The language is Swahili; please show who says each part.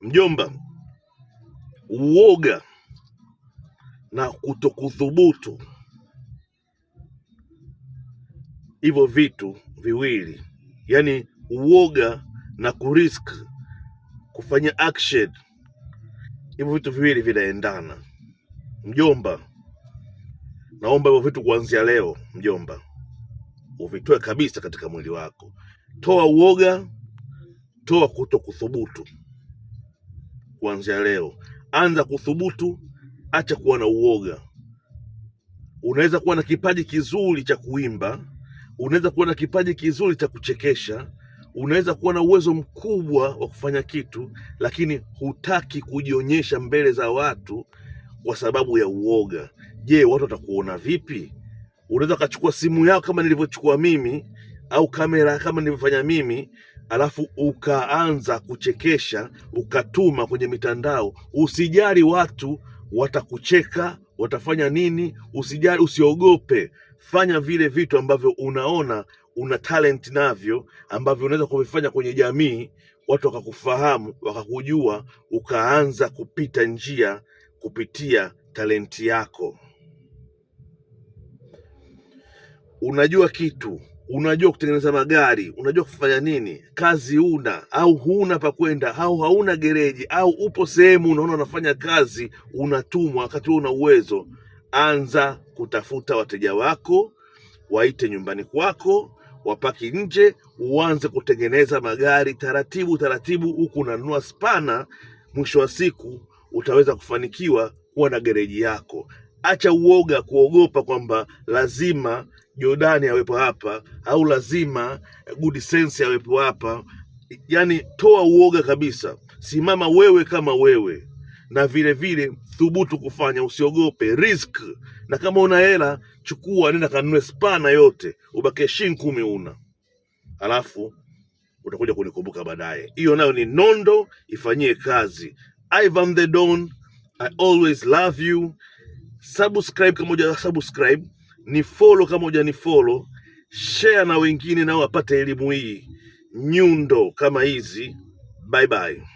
Speaker 1: Mjomba, uoga na kutokuthubutu, hivyo vitu viwili, yaani uoga na kurisk kufanya action, hivyo vitu viwili vinaendana mjomba. Naomba hivyo vitu kuanzia leo mjomba, uvitoe kabisa katika mwili wako. Toa uoga, toa kutokuthubutu kuanzia leo. Anza kuthubutu, acha kuwa na uoga. Unaweza kuwa na kipaji kizuri cha kuimba, unaweza kuwa na kipaji kizuri cha kuchekesha, unaweza kuwa na uwezo mkubwa wa kufanya kitu, lakini hutaki kujionyesha mbele za watu kwa sababu ya uoga. Je, watu watakuona vipi? Unaweza ukachukua simu yao kama nilivyochukua mimi au kamera kama nilivyofanya mimi, alafu ukaanza kuchekesha ukatuma kwenye mitandao, usijali watu watakucheka watafanya nini, usijali, usiogope. Fanya vile vitu ambavyo unaona una talent navyo, ambavyo unaweza kuvifanya kwenye jamii, watu wakakufahamu, wakakujua, ukaanza kupita njia kupitia talenti yako. Unajua kitu unajua kutengeneza magari, unajua kufanya nini, kazi una au huna pa kwenda au hauna gereji au upo sehemu unaona unafanya kazi, unatumwa wakati huo una uwezo, anza kutafuta wateja wako, waite nyumbani kwako, wapaki nje, uanze kutengeneza magari taratibu taratibu, huku unanunua spana. Mwisho wa siku utaweza kufanikiwa kuwa na gereji yako. Acha uoga, kuogopa kwamba lazima Jordani awepo hapa, au lazima good sense awepo hapa. Yani toa uoga kabisa, simama wewe kama wewe, na vile vile thubutu kufanya, usiogope risk, na kama una hela chukua, nenda kanunue spana yote, ubakie shin kumi una alafu utakuja kunikumbuka baadaye. Hiyo nayo ni nondo, ifanyie kazi. Ivan the Don, I always love you. Subscribe kama hujasubscribe ni follow kama ni follow, share na wengine nao wapate elimu hii nyundo kama hizi. Bye bye.